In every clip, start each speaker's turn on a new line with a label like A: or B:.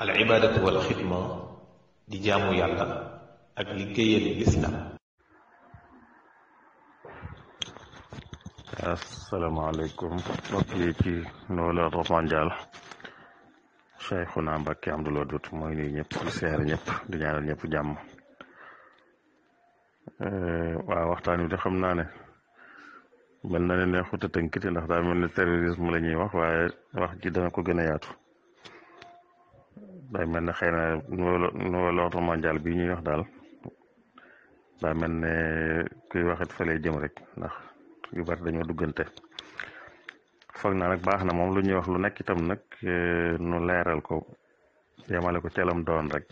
A: al ibaadatu wal xidma di jaamu yàlla ak liggéeyal lislaam asalaamaaleykum mbokk yi ci Nouvel Ordre Mondial Cheikhouna Mbacké Abdoul Wadoud mooy nuyu ñëpp di seer ñëpp di ñaanal ñëpp jàmm eh, waaw waxtaan wi de xam naa ne mel na ne neexut a tënkite ndax daa mel na terrorisme la ñuy wax waaye wax ji dana ko gën a yaatu day mel ne xëy na nouvel ordre mondial bi ñuy wax daal daa mel ne kuy waxit fa lay jëm rek ndax yu bari dañoo duggante foog na rek baax na moom lu ñuy wax lu nekk itam nag eh, nu leeral ko yemale ko teelam doon rek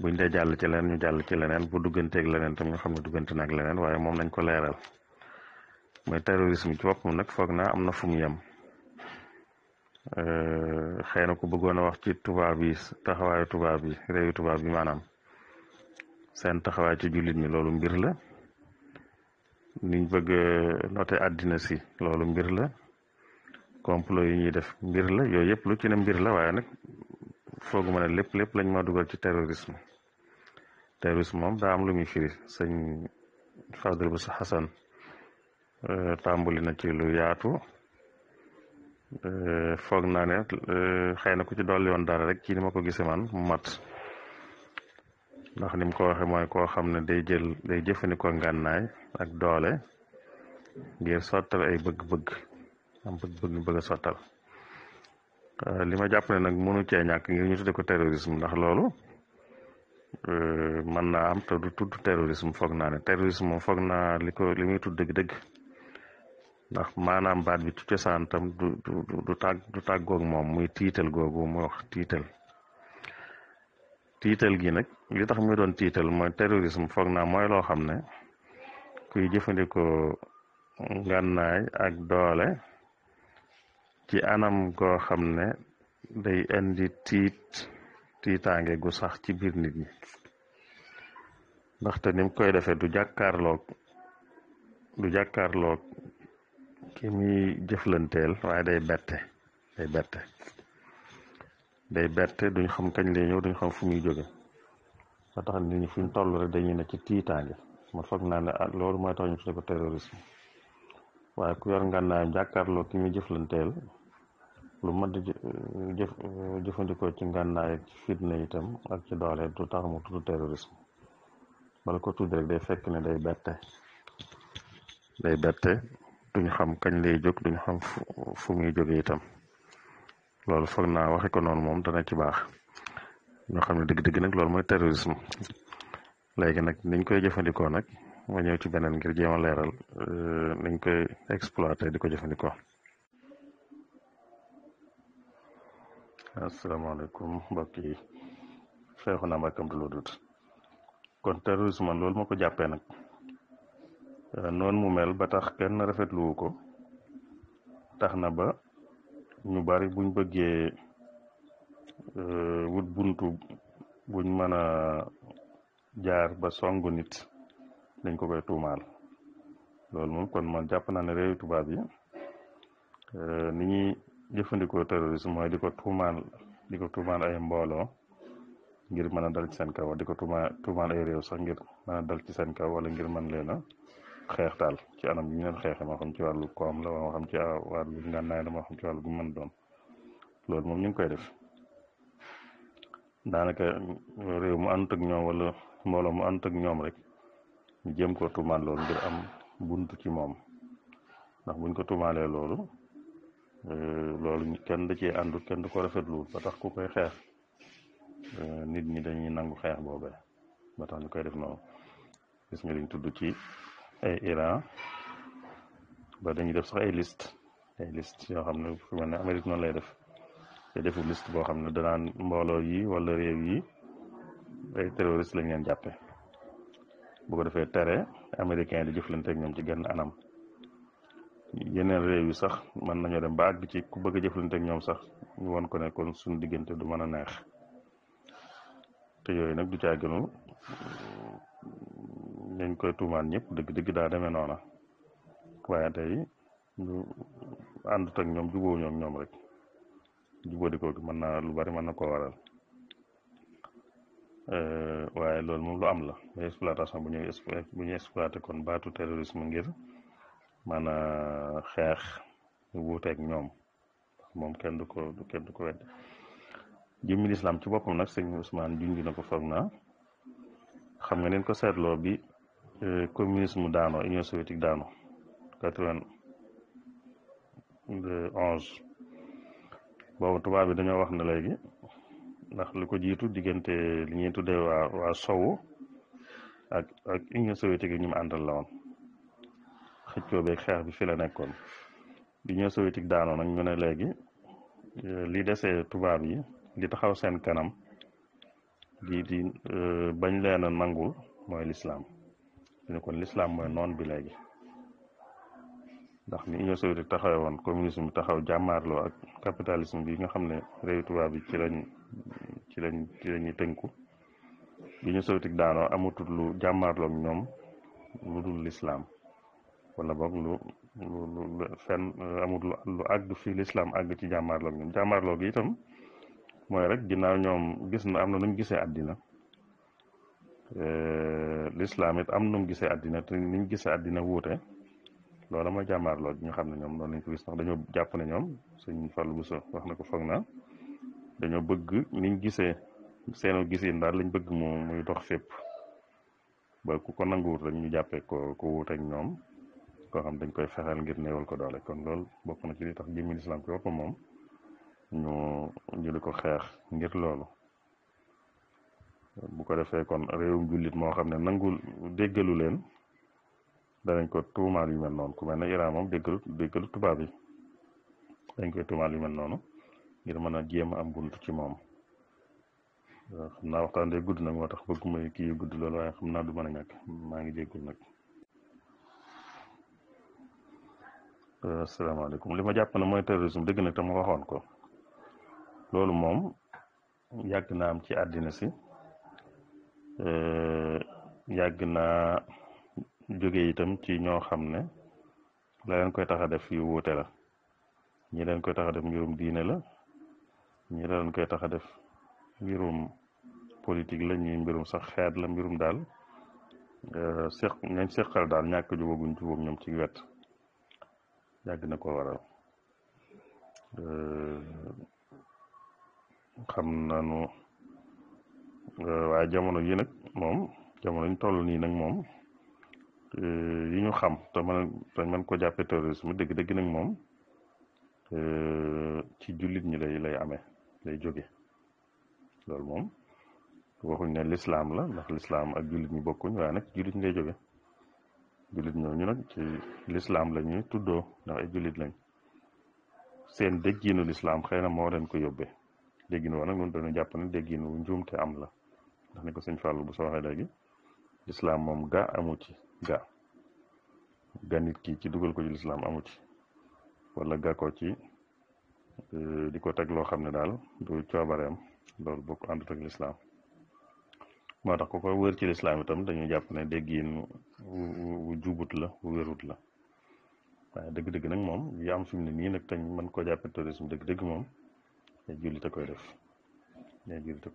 A: buñ dee jàll ci leneen ñu jàll ci leneen bu dugganteeg leneen tam ñu xam ne duggante nag leneen waaye moom nañ ko leeral mooy terrorisme ci boppam nag foog na am na fu mu yem Eh, xëy na ko bëggoon a wax ci tubaab yi taxawaayu tubaab yi réewi tubaab yi maanaam seen taxawaay ci jullit mi loolu mbir la niñ bëgg noté àddina si loolu mbir la complot yi ñuy def mbir la yooyu yëpp lu ci ne mbir la waaye nag fooguma ne lépp lépp lañ ma dugal ci terrorisme terrorisme moom daa am lu muy firi sëñ Fadel Bass Xasan eh, tàmbali na ci lu yaatu Euh, foog naa ne euh, xëy na ku ci dolli woon dara rek ci ni ma ko gisee man mu mat ndax ni ko waxee mooy koo xam ne day jël day jëfandikoo ngànnaay ak doole ngir sottal ay bëgg-bëgg am bëgg-bëgg ñu a sottal euh, li ma jàpp ne nag mënu cee ñàkk ngir ñu tuddee ko terrorisme ndax loolu mën naa am te du tudd terrorisme foog naa ne terrorisme moom foog naa li ko li muy tudd dëgg-dëgg. ndax maanaam baat bi ci cosaan tam du du du tàgg du tàggoog moom muy tiital googu mu wax tiital tiital gi nag li tax muy doon tiital mooy terrorisme foog naa mooy loo xam ne kuy jëfandikoo ngànnaay ak doole ci anam goo xam ne day indi tiit tiitaange gu sax ci biir nit ñi ndaxte nim koy defee du jàkkaarloog du jàkkaarloog ki muy jëflanteel waaye day bette day bette day bette duñ xam kañ le ñëw duñ xam fu muy jóge ba tax nit ñi fuñ toll rek dañuy ne ci tiitaange ma foog naa ne ah, loolu mooy tax ñu tudde ko terrorisme waaye ku yor ngànnaayam jàkkaarloo ki muy jëflanteel lu mat di euh, jëf euh, jëfandikoo ci ngànnaay ak ci fitna itam ci doole du tax mu tudd terrorisme bala ko tudd rek day fekk ne day bette day bette duñ xam kañ lay jóg duñ xam fu muy jógee itam loolu foog naa waxe ko noonu moom dana ci baax ñoo xam ne dëgg-dëgg nag loolu mooy terrorisme léegi nag niñ koy jëfandikoo nag ma ñëw ci beneen ngir jéem a leeral euh, niñ koy exploité di ko jëfandikoo. asalaamaaleykum mbokk yi Cheikhouna Mbacké Abdoul Wadoud kon terrorisme man loolu ma ko jàppee nag. Euh, noonu mu mel ba tax kenn rafetluwu ko tax na ba ñu bari buñ bëggee euh, wut buntu buñ mën a jaar ba songu nit dañ ko koy tuumaal loolu moom kon ma jàpp naa ne réewi tubaab yi euh, ni ñuy jëfandikoo terrorisme mooy di ko tuumaal di ko tuumaal ay mbooloo ngir mën a dal ci seen kaw di ko tuumaal tuumaal ay réew sax ngir mën dal ci seen kaw wala ngir mën leen a xeex daal ci anam bi ñu leen xeexee moo xam ci wàllu koom la moo xam ci wàllu ngànnaay la moo xam ci wàllu gu doon loolu moom ñu ngi koy def daanaka réew mu ànd ak ñoom wala mbooloo mu ànd ak ñoom rek ñu jëm ko tuumaal lool ngir am bunt ci moom ndax buñ ko tuumaalee loolu euh, loolu kenn da cee àndut kenn du ko lu ba tax ku koy xeex euh, nit ñi dañuy nangu xeex boobe ba tax ñu koy def noonu gis nga liñ tudd ay Iran ba dañuy def sax ay liste ay list yoo xam ne fu mel ne Amérique noonu lay def te defu liste boo xam ne danaan mbooloo yi wala réew yi ay terroriste lañ leen jàppe bu ko defee tere américain di jëflante ak ñoom ci genn anam yeneen réew yi sax mën nañoo dem ba àgg ci ku bëgg a jëflante ak ñoom sax ñu woon ko ne kon suñu diggante du mën a neex te yooyu nag du caa gënu liñ koy tuumaan ñëpp dëgg dëgg daa demee noona waaye tey ñu àndut ñoom jubóo ñoom ñoom rek jubóo di ko mën naa lu bari mën na koo waral eh, waaye loolu moom lu am la mais exploitation bu ñuy bu ñuy exploité kon baatu terrorisme ngir mën a xeex ñu wuuteeg ñoom moom kenn du ko kenn du ko wedd jëmmi lislaam ci boppam nag sëñ Ousmane junj na ko foog na xam nga neen ko seetloo bi Euh, communisme daano union soviétique daano quatre-vingt-onze boobu tubaab bi dañoo wax na léegi ndax lu ko jiitu diggante li ñuy tuddee waa waa sowu ak ak union soviétique yi ñu mu àndal la woon xëccoo xeex bi fi la nekkoon union soviétique daanoo nag ñu ne léegi euh, li dese tubaab yi di taxaw seen kanam di di euh, bañ leen a nangul mooy lislaam ne kon mooy noon bi léegi ndax ni Union soviétique taxawee woon communisme bi taxaw jàmmaarloo ak capitalisme bi nga xam ne réew tubaab ci lañ ci lañ ci lañuy tënku Union soviétique daanoo amatul lu jàmmaarloo ñoom lu dul lislaam wala boog lu lu lu fenn euh, amut lu lislaam àgg ci jàmmaarloo ak ñoom jàmmaarloo gi itam mooy rek ginnaaw ñoom gis na am na nuñ gisee àddina Euh, lislaam it am nu mu gisee àddina te ni ñu gisee àddina wuute loola mooy jàmmaar lool bi nga xam ne ñoom noonu lañ ko gis ndax dañoo jàpp ne ñoom sëñ Fallou Bousso wax na ko foog naa dañoo bëgg niñ gisee seenu gisin daal lañ bëgg mu muy dox fépp ba ku ko nanguwut rek ñu jàppee ko ko wuuteeg ñoom koo xam dañ koy fexeel ngir néewal ko doole kon lool bokk na ci li tax jëmmi lislaam ko wopp moom ñu ñu di ko xeex ngir loolu bu ko defee kon réewum jullit moo xam ne nangul déggalu leen danañ ko tuumaal yu mel noonu ku mel ne Iran moom déggalu déggalu tubaab yi dañ koy tuumaal yu mel noonu ngir mën a jéem a am bunt ci moom euh, xam naa waxtaan de gudd nag moo tax bëgguma kii gudd loolu waaye xam naa du mën a ñàkk maa ngi jéggul nag euh, asalaamaaleykum li ma jàpp ne mooy terrorisme dégg nag tam waxoon ko loolu moom yàgg na am ci àddina si yàgg naa jóge itam ci ñoo xam ne la leen koy tax def yu wuute la ñi leen koy tax a def mbirum diine la ñi leen koy tax a def mbirum politique la ñi mbirum sax xeet la mbirum daal seq ñañ seqal daal ñàkk jubaguñ jubóom ñoom ci wet yàgg na ko waral xam nanu Euh, waaye jamono yi nag moom jamono ñu toll nii nag moom euh, yi ñu xam te man te man ko jàppe terrorisme dëgg-dëgg nag moom euh, ci jullit ñi lay lay amee lay jóge loolu moom waxuñ ne lislaam la ndax lislaam ak jullit ñi bokkuñ waaye nag jullit ñi lay jóge jullit ñooñu nag ci lislaam la ñuy tuddoo ndax ay jullit lañ seen dégginu lislaam xëy na moo leen ko yóbbee dégginu woon nag ñun dañu jàpp ne dégginu njuumte am la ndax ko sëñ Fallou bu soo waxee léegi lislaam moom ga amu ci ga ga nit ki ci dugal ko ci lislaam amu ci wala ga ko ci e, di ko teg loo xam ne daal du coobareem loolu bokk àndut ak lislaam moo tax ku ko wër ci lislaam itam dañuy jàpp ne déggin wu jubut la wu la waaye dëgg-dëgg nag moom yaam am ne nii nag tañ mën koo jàpp tourisme dëgg-dëgg moom ay a koy def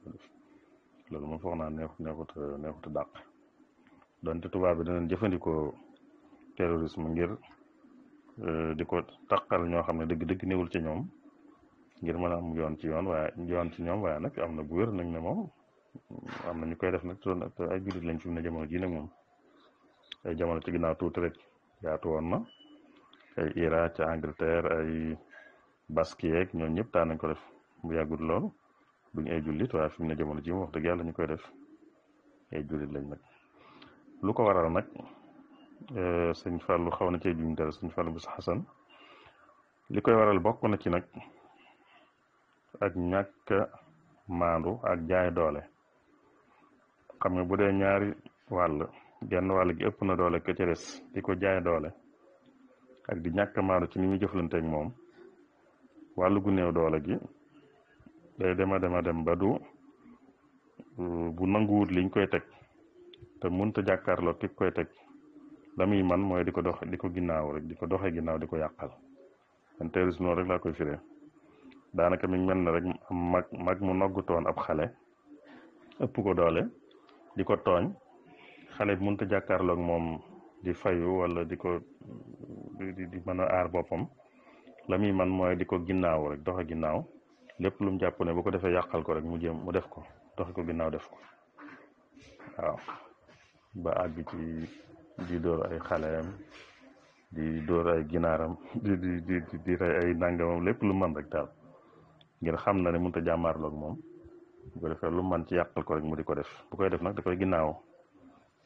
A: koy def loolu moom foog naa neex neexut neexut dàq donte tubaab bi danañ jëfandikoo terrorisme ngir euh, di ko taqal ñoo xam ne dëgg-dëgg néewul ci ñoom ngir mën a am yoon ci yoon waaye yoon ci ñoom waaye nag am na bu wér nag ne moom mm, am na ñu koy def nag te ay jullit lañ fi mu ne jamono jii nag ay jamono ci ginnaaw tuuti rek yaatu woon na ay Irak ca Angleterre ay Basque yeeg ñooñu ñëpp taa nañ ko def bu yàggul lool duñ ay jullit waaye fi ne jamono ji mu wax dëgg yàlla ñu koy def ay jullit lañ nag lu ko waral nag euh, sëñ Fallou xaw na cee juñ dara sëñ Fallou Bisa Xasan li koy waral bokk na ci nag ak ñàkk maandu ak jaay doole xam nga bu dee ñaari wàll genn wàll gi ëpp na doole ka ca di ko jaay doole ak di ñàkk maandu ci ni ñu jëflanteeg moom wàllu gu néew doole gi day dema dema dem ba du euh, bu nanguwut liñ koy teg te munta jàkkaarloo ki koy teg la muy man mooy di ko dox di ko ginnaaw rek di ko doxee ginnaaw di ko yàqal man terrorisme rek laa koy firee daanaka mi ngi mel ne rek mag mag mu toon ab xale ëpp ko doole di ko tooñ xale bi munta jàkkaarloo ak moom di fayu wala di ko di mën a aar boppam la muy man mooy di ko ginnaaw rek doxe ginnaaw lépp lu mu jàpp ne bu ko defee yàqal ko rek mu jéem mu def ko doxi ko ginnaaw def ko waaw ba àgg ci di dóor ay xaleem di dóor ay ginaaram di di di di rey ay nangamam lépp lu man rek daal ngir xam na ne mun mënut a jàmmaarloog moom bu ko defee lu man ci yàqal ko rek mu di ko def bu koy def nag dafay ginnaaw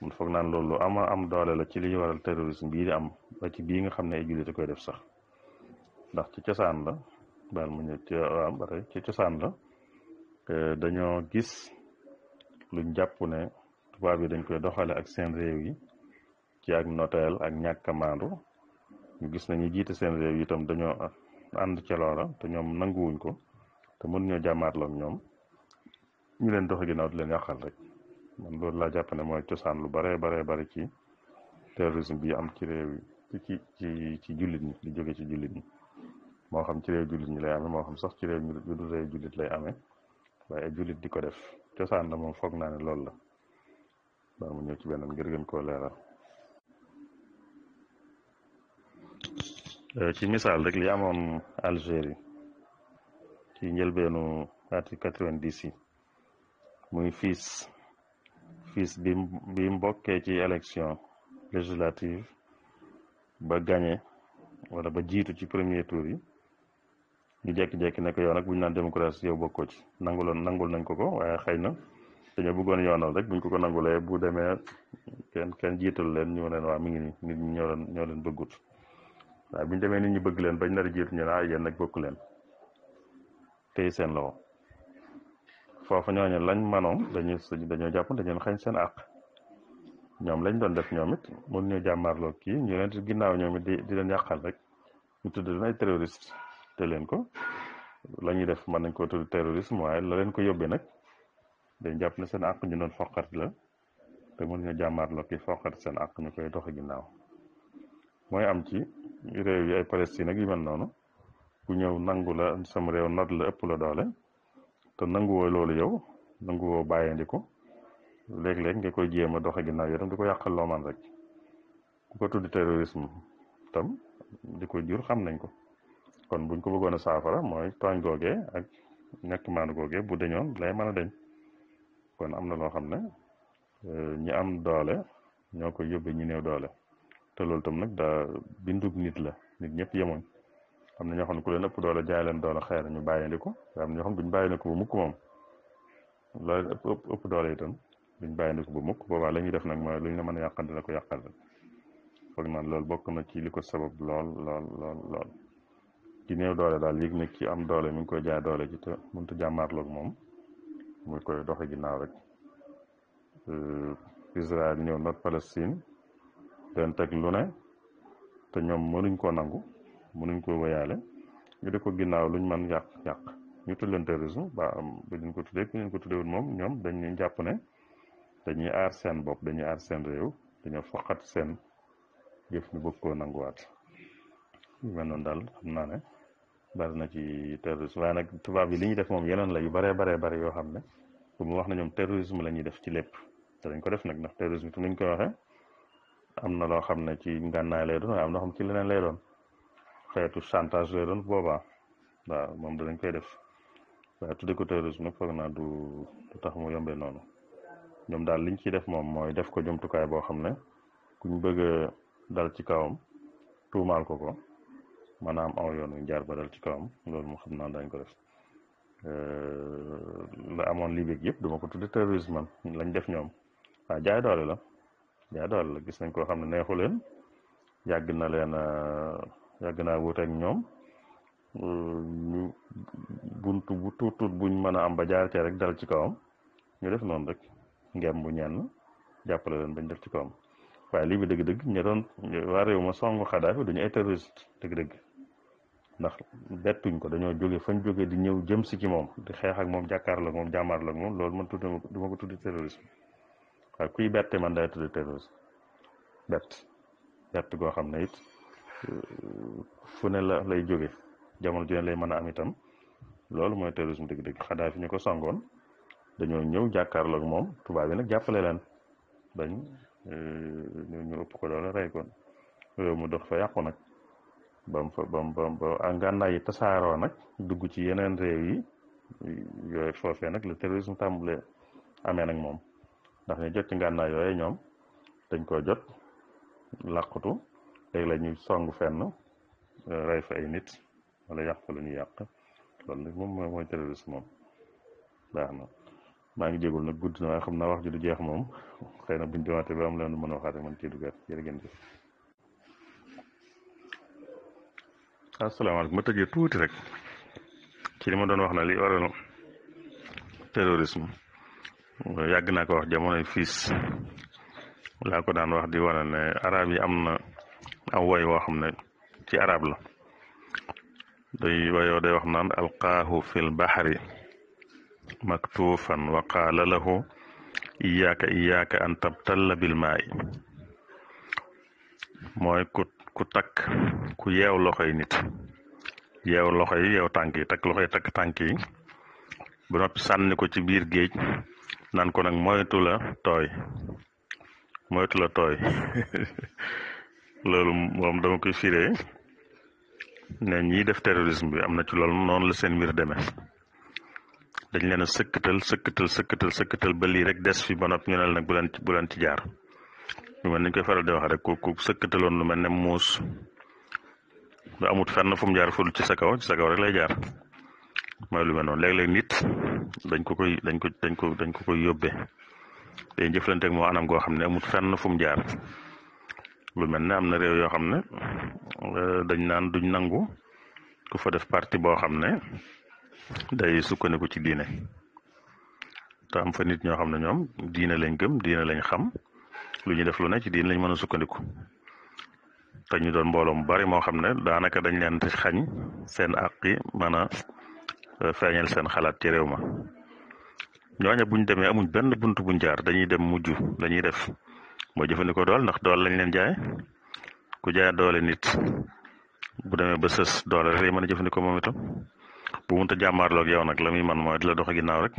A: mun foog naan loolu lu ama am doole la ci li waral terrorisme bii di am ba ci bii nga xam ne ay jullit a koy def sax ndax ci cosaan la baal ma ñëw ci waaw bare cosaan la eh, dañoo gis luñ jàpp ne tubaab yi dañ koy doxale ak seen réew yi ci ak noteel ak ñàkk maandu ñu gis nañu jiite seen réew yi dañoo ànd ca loola te ñoom nanguwuñ ko te mën ñoo jàmmaarloog ñoom ñu leen doxe ginnaaw di leen yàqal rek man loolu laa jàpp ne mooy cosaan lu bare bare bare ci terrorisme bi am ci réew ci ci ci jóge ci jullit moo xam ci réew jullit ñi lay amee moo xam sax ci réew yu dul lay amee waaye julit di ko def cosaan la moom foog naa ne loolu la baa ñëw ci benn ngir gën koo euh, ci misaal rek li amoon Algérie ci njëlbeenu ati quatre-vingt-dix yi muy fiis fiis bi mbokkee ci élection législative ba gagné wala ba jiitu ci premier tour yi ñu jekki-jekki ne ko yow nag bu ñu naan démocratie yow bokkoo ci nanguloon nangul nañ ko ko waaye xëy na dañoo bëggoon yoonal rek buñ ko ko nangulee bu demee kenn kenn jiital leen ñu leen waa mi ngi nii nit ñi ñoo leen ñoo leen bëggut waaye buñ demee nit ñu bëgg leen bañ nar a jiitu ñu ne ah yéen nag bokk leen tey seen loxo foofu ñooñu lañ manoon dañuy dañoo jàpp dañ leen xañ seen àq ñoom lañ doon def ñoom it mun ñu jàmmaarloo kii ñu leen ginnaaw ñoom it di di leen yàqal rek ñu tudd leen ay te leen ko la ñuy def mën nañ ko tudd terrorisme waaye la leen ko yóbbee nag dañ jàpp na seen àq ñu doon foqat la te mën ñu jàmmaarloo ki foqat seen ak ñu koy doxe ginnaaw mooy am ci réew yi ay Palestine ak yu mel noonu ku ñëw nangu la sam réew not la ëpp la doole te nanguwoo loolu yow nanguwoo bàyyeendiku léeg-léeg nga koy jéem a doxe ginnaaw yow tam di ko yàqal loo man rek ku ko ko jur xam nañ ko kon buñ ko bëggoon a saafara mooy tooñ googee ak ñàkk maanu googee bu dañoon lay mën a dañ kon am na loo xam ne euh, ñi am doole ñoo ko yóbbee ñi néew doole te loolu tam nag daa bindug nit la nit ñëpp yemuñ am na ñoo xam ne ku leen ëpp doole jaay leen dool xëy na ñu bàyyandi ko am na ñoo xam ne duñ bàyyandi mukk moom loolu ëpp ëpp ëpp doole itam duñ bàyyandi ko bu mukk boobaa la ñuy def nag mooy lu ñu la mën a yàqante la ko yàqal foog naan loolu bokk na ci li ko sabab lool lool lool lool ki néew doole daal yëg ne ki am doole mi ngi koy jaay doole ji te mënut a jàmmaarloog moom muy koy doxe ginnaaw rek euh, Israël ñëw not Palestine den teg lu ne te ñoom mënuñ ko nangu mënuñ koo wéyaale ñu di ko ginnaaw luñ mën yàq yàq ñu tudd leen terrorisme ba am bu ñu ko tuddee bu ko tuddee woon moom ñoom dañ leen jàpp ne dañuy aar seen bopp dañuy aar seen réew dañoo foqat seen yëf ñu bëgg koo nanguwaat yu mel noonu daal am naa ne bari na ci terrorisme waaye nag tubaab yi li ñuy def moom yeneen la yu baree baree bari yoo xam ne pour mu wax na ñoom terrorisme la ñuy def ci lépp te dañ ko def nag ndax terrorisme itam nañ koy waxee am na loo xam ne ci ngànnaay lay doon waaye am na xam ci leneen lay doon xeetu chantage lay doon boobaa waaw moom danañ koy def waaye tudde ko terrorisme nag foog naa du du tax mu yombee noonu ñoom daal liñ ci def moom mooy def ko jumtukaay boo xam ne kuñ bëgg a dal ci kawam tuumaal ko maanaam aw yoon wi jaar ba dal ci kawam loolu mu xam naa dañ ko def euh, la amoon lii beeg yëpp duma ko tudde terrorisme man lañ def ñoom waaw ah, jaay doole la jaay doole gis nañ koo xam ne neexu leen yàgg na leen euh, yàgg naa wuuteeg ñoom euh, buntu bu tuut tuut buñ mën a am ba jaar cee rek dal ci kawam ñu def noonu rek ngem bu ñenn jàppale leen dañ def ci kawam waaye lii bi dëgg-dëgg ñu doon waa réew ma songu Xadaafi duñu ay dëgg-dëgg ndax bettuñ ko dañoo jóge fañ jóge di ñëw jëm si ci moom di xeex ak moom jàkkaarloo ak moom jàmmaarloo ak moom loolu man tudd ma du ma ko tuddi terrorisme waaye kuy bette man day tuddi terrorisme bett bett goo xam ne it ne la lay jóge jamono ju lay mën a am itam loolu mooy terrorisme dëgg-dëgg xadaa fi ñu ko songoon dañoo ñëw jàkkaarloo ak moom tubaab yi nag jàppale leen bañ euh, ñu ëpp ko doole rey koon réew mu dox fa yàqu nag bam fa bam bam ba ngànnaay yi tasaaroo nag dugg ci yeneen réew yi yooyu foofee nag le terrorisme tàmbale amee nag moom ndax ñu jot ci ngànnaay yooyu ñoom dañ koo jot làqutu léegi la ñuy song fenn rey fa ay nit wala yàq fa lu ñuy yàq loolu moom mooy terrorisme moom baax na maa ngi jégul nag gudd na waaye wax ji du jeex moom xëy na buñ demaatee ba am leen mën a waxaat ak man ciy dugaat jërë ngeen asalaamaaleykum ma tëjee tuuti rek doon wax na li waral terrorisme yàgg naa ko wax jamonoy fiis laa ko daan wax di wane ne arab yi am na aw woy woo xam ne ci arab la day woyoo day wax naan alqaahu fil baxari maktuufan wa qaala lahu iyaaka iyaaka an tabtalla bil maa'i mooy ku ku takk ku yeew loxo yi nit yeew loxo yi yeew tànk yi takk loxo yi takk tànk yi ba noppi sànni ko ci biir géej naan ko nag moytu la tooy moytu tooy loolu moom dama koy firee ne ñiy def terrorisme bi am na ci loolu noonu la seen mbir demee dañ leen a sëkkatal sëkkatal sëkkatal sëkkatal ba lii rek des fi ba noppi ñu ne la nag bu leen bu leen ci jaar lu mel koy faral di wax rek ku ku sëkkataloon lu mel ne muus ba amut fenn fu mu jaar ful ci sa kaw ci sa kaw lay jaar mooy lu mel léeg-léeg nit dañ ko koy dañ ko dañ ko dañ ko koy yóbbee day jëflante ak moo anam goo xam ne amut fenn fu mu jaar lu mel ne am na réew yoo xam ne euh, dañ naan duñ nangu ku fa def parti boo xam ne day sukkandiku ci diine te am fa nit ño xam ne ñoom diine lañ gëm diine lañ xam lu ñu def lu ne ci diin lañ mën a sukkandiku te doon mbooloo mu bari moo xam ne daanaka dañ leen xañ seen àq yi mën euh, seen xalaat ci réew ma ñooña buñ demee amuñ benn bunt buñ jaar dañuy dem mujj dañuy def mooy jëfandikoo dool ndax dool lañ leen jaay ku jaay doole nit bu demee ba sës doole rek lay mën a jëfandikoo moom itam bu munta jàmmaarloog yow nag la muy man mooy di la dox ginnaaw rek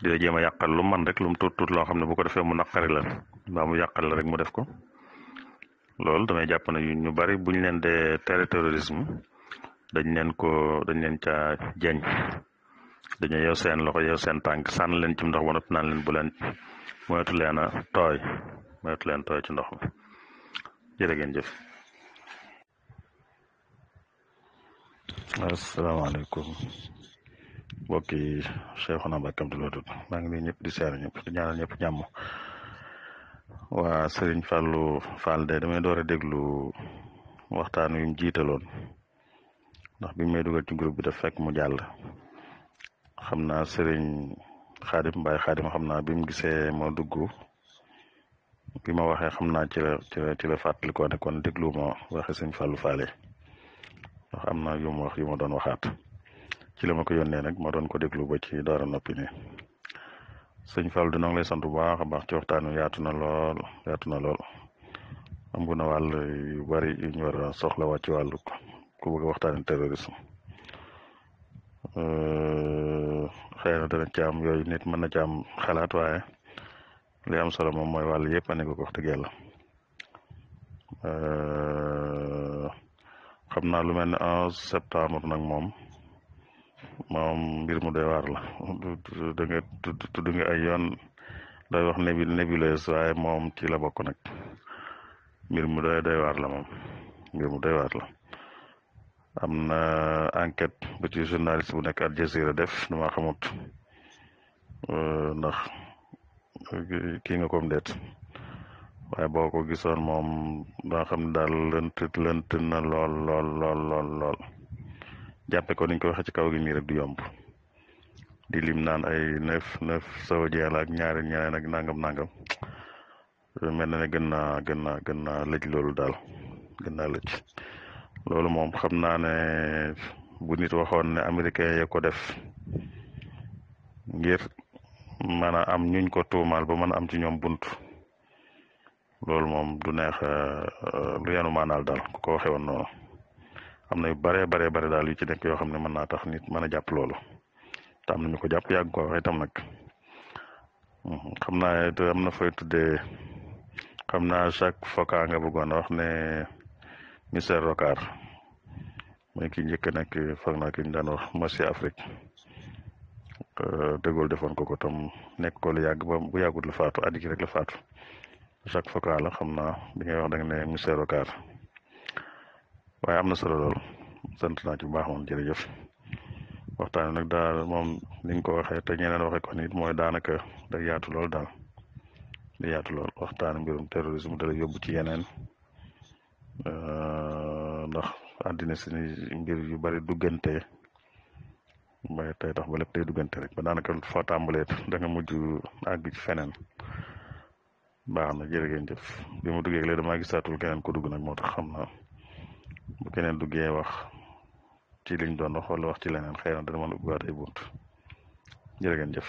A: di la jéem a yàqal lu man rek lu mu tuut tuut loo xam ne boo ko defee mu naqari la mbaa mu yàqal la rek mu def ko loolu damay na ne ñu bari bu ñu leen dee tere terrorisme dañ leen ko dañ leen caa jeñ dañoo yow seen loxo yow seen tànk sànn leen ci ndox ba nopp naan leen bu leen moytu leen a tooy moytu leen tooy ci ndox mi jërë ngeen jëf. asalaamaaleykum. mbokk yi Cheikhouna Mbacké Abdoul Wadoud maa ngi nuyu ñëpp di seer ñëpp di ñaanal ñëpp jàmm waa de damay door a déglu waxtaan wi mu jiitaloon ndax bi may dugal ci groupe bi daf mu jàll xam naa Serigne Xaadim Mbaye Xaadim xam naa bi mu gisee ma dugg bi ma waxee xam naa ci la fàttalikoo ne kon déglu ma waxe Serigne Fallou Fall ndax am na yu wax yu ma doon waxaat. ci la ma ko yónnee nag ma doon ko déglu ba ci dara noppi nii sëñ Fall du ngi lay sant bu baax a baax ci waxtaan wi yaatu na lool yaatu na lool ëmb na wàll yu bari yu ñu soxla wàcc ci wàllu ku bëgg waxtaane terrorisme xëy na dana ci am yooyu nit mën na ci am xalaat waaye li am solo moom mooy wàll yëpp a nekk ko wax dëgg xam naa lu mel ne 11 septembre nag moom. moom mbir mu doy waar la da nga tudd nga ay yoon day wax nebi nébuleuse waaye moom ci la bokk nag mbir mu doy doy waar la mu doy waar la am na enquête bu ci journaliste bu nekk Al Jazeera def dama xamut euh, ndax kii nga kom deet waaye boo ko gisoon moom daa xam ne daal lënt lënt na lool lool lool lool lool jàppe ko niñ ko waxee ci kaw gi nii rek du yomb di lim naan ay neuf neuf sawa yàlla ak ñaari ñeneen ak nangam nangam mel na ne gën naa gën naa gën naa lëj loolu daal gën naa lëj loolu moom xam naa ne bu nit ne américain ya ko def ngir mën am ñuñ ko tuumaal bo mën a am ci ñoom bunt loolu moom du neex euh, lu yanu maanaal daal ko waxee woon noonu am na yu baree baree bare daal yu ci nekk yoo xam ne mën naa tax nit mën a jàpp loolu te am ko jàpp yàgg ko wax nag hmm, xam naa te am na fooy tuddee xam naa chaque foka nga bëggoon a wax ne Mister Rocard mooy ki njëkk nekk foog naa ki ñu daan wax Messi Afrique De Gaulle defoon ko ko tam nekk ko lu yàgg ba bu yàggut la faatu at yi rek la faatu chaque foka la xam naa bi ngay wax da nga ne Mister Rocard waaye am na solo lool sant naa ci bu baax moom jërëjëf waxtaan nag daal moom ni ko waxee te ñeneen waxee ko nit mooy daanaka da yaatu lool daal da yaatu lool waxtaan mbirum terrorisme dala yóbbu ci yeneen ndax àddina si mbir yu bari duggante ba tey tax ba lépp day duggante rek ba daanaka fa tàmbalee da nga mujj àgg ci feneen baax na jërë ngeen jëf bi ma duggee léegi damaa gisaatul keneen ko dugg nag moo tax xam naa. bu keneen duggee wax ci liñ doon wax wala wax ci leneen xëy na dana mën ubbiwaat ay bunt jërë ngeen jëf